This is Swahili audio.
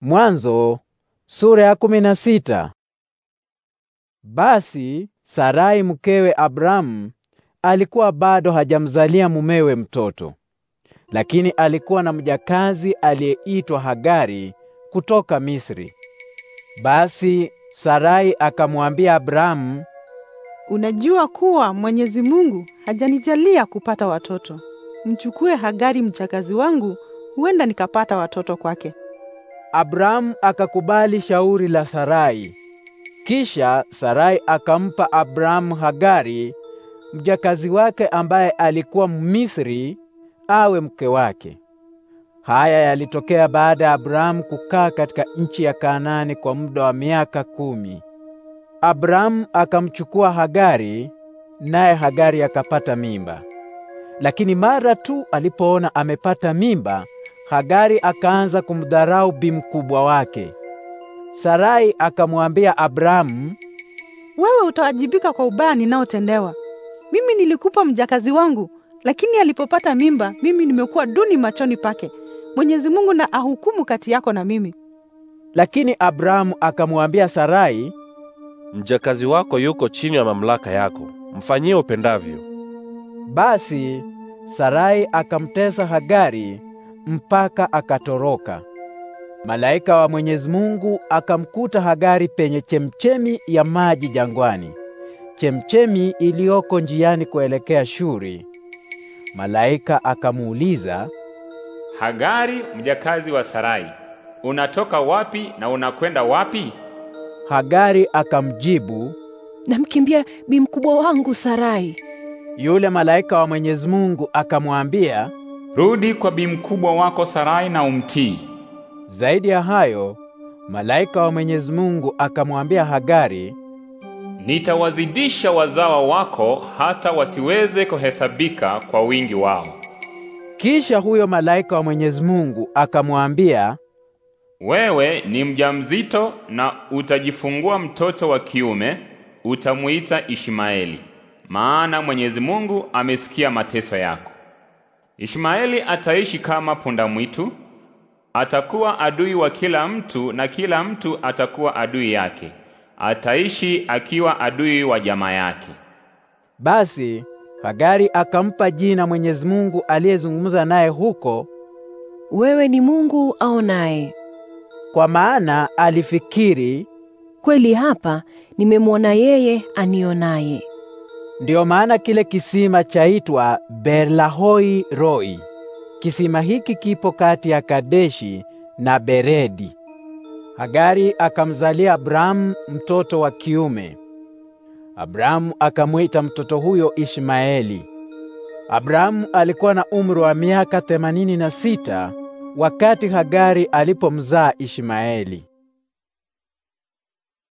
Mwanzo sura ya kumi na sita. Basi Sarai mkewe Abrahamu alikuwa bado hajamzalia mumewe mtoto, lakini alikuwa na mjakazi aliyeitwa Hagari kutoka Misri. Basi Sarai akamwambia Abrahamu, unajua kuwa Mwenyezi Mungu hajanijalia kupata watoto. Mchukue Hagari mjakazi wangu, huenda nikapata watoto kwake. Abrahamu akakubali shauri la Sarai. Kisha Sarai akampa Abrahamu Hagari mjakazi wake ambaye alikuwa Misri awe mke wake. Haya yalitokea baada ya Abrahamu kukaa katika nchi ya Kanaani kwa muda wa miaka kumi. Abrahamu akamchukua Hagari, naye Hagari akapata mimba. Lakini mara tu alipoona amepata mimba, Hagari akaanza kumdharau bi mkubwa wake. Sarai akamwambia Abrahamu, wewe utawajibika kwa ubaya ninaotendewa. Mimi nilikupa mjakazi wangu, lakini alipopata mimba mimi nimekuwa duni machoni pake. Mwenyezi Mungu na ahukumu kati yako na mimi. Lakini Abrahamu akamwambia Sarai, mjakazi wako yuko chini ya mamlaka yako, mfanyie upendavyo. Basi Sarai akamtesa Hagari mpaka akatoroka. Malaika wa Mwenyezi Mungu akamkuta Hagari penye chemchemi ya maji jangwani, chemchemi iliyoko njiani kuelekea Shuri. Malaika akamuuliza, Hagari, mjakazi wa Sarai, unatoka wapi na unakwenda wapi? Hagari akamjibu, namkimbia bi mkubwa wangu Sarai. Yule malaika wa Mwenyezi Mungu akamwambia Rudi kwa bi mkubwa wako Sarai na umtii. Zaidi ya hayo, malaika wa Mwenyezi Mungu akamwambia Hagari, nitawazidisha wazawa wako hata wasiweze kuhesabika kwa wingi wao. Kisha huyo malaika wa Mwenyezi Mungu akamwambia, wewe ni mjamzito na utajifungua mtoto wa kiume, utamuita Ishmaeli, maana Mwenyezi Mungu amesikia mateso yako. Ishmaeli ataishi kama punda mwitu, atakuwa adui wa kila mtu na kila mtu atakuwa adui yake. Ataishi akiwa adui wa jamaa yake. Basi Hagari akampa jina Mwenyezi Mungu aliyezungumza naye huko, wewe ni Mungu naye, Kwa maana alifikiri, kweli hapa nimemwona yeye anionaye. Ndiyo maana kile kisima chaitwa Berlahoi Roi. Kisima hiki kipo kati ya Kadeshi na Beredi. Hagari akamzalia Abrahamu mtoto wa kiume. Abrahamu akamwita mtoto huyo Ishmaeli. Abrahamu alikuwa na umri wa miaka themanini na sita wakati Hagari alipomzaa Ishmaeli.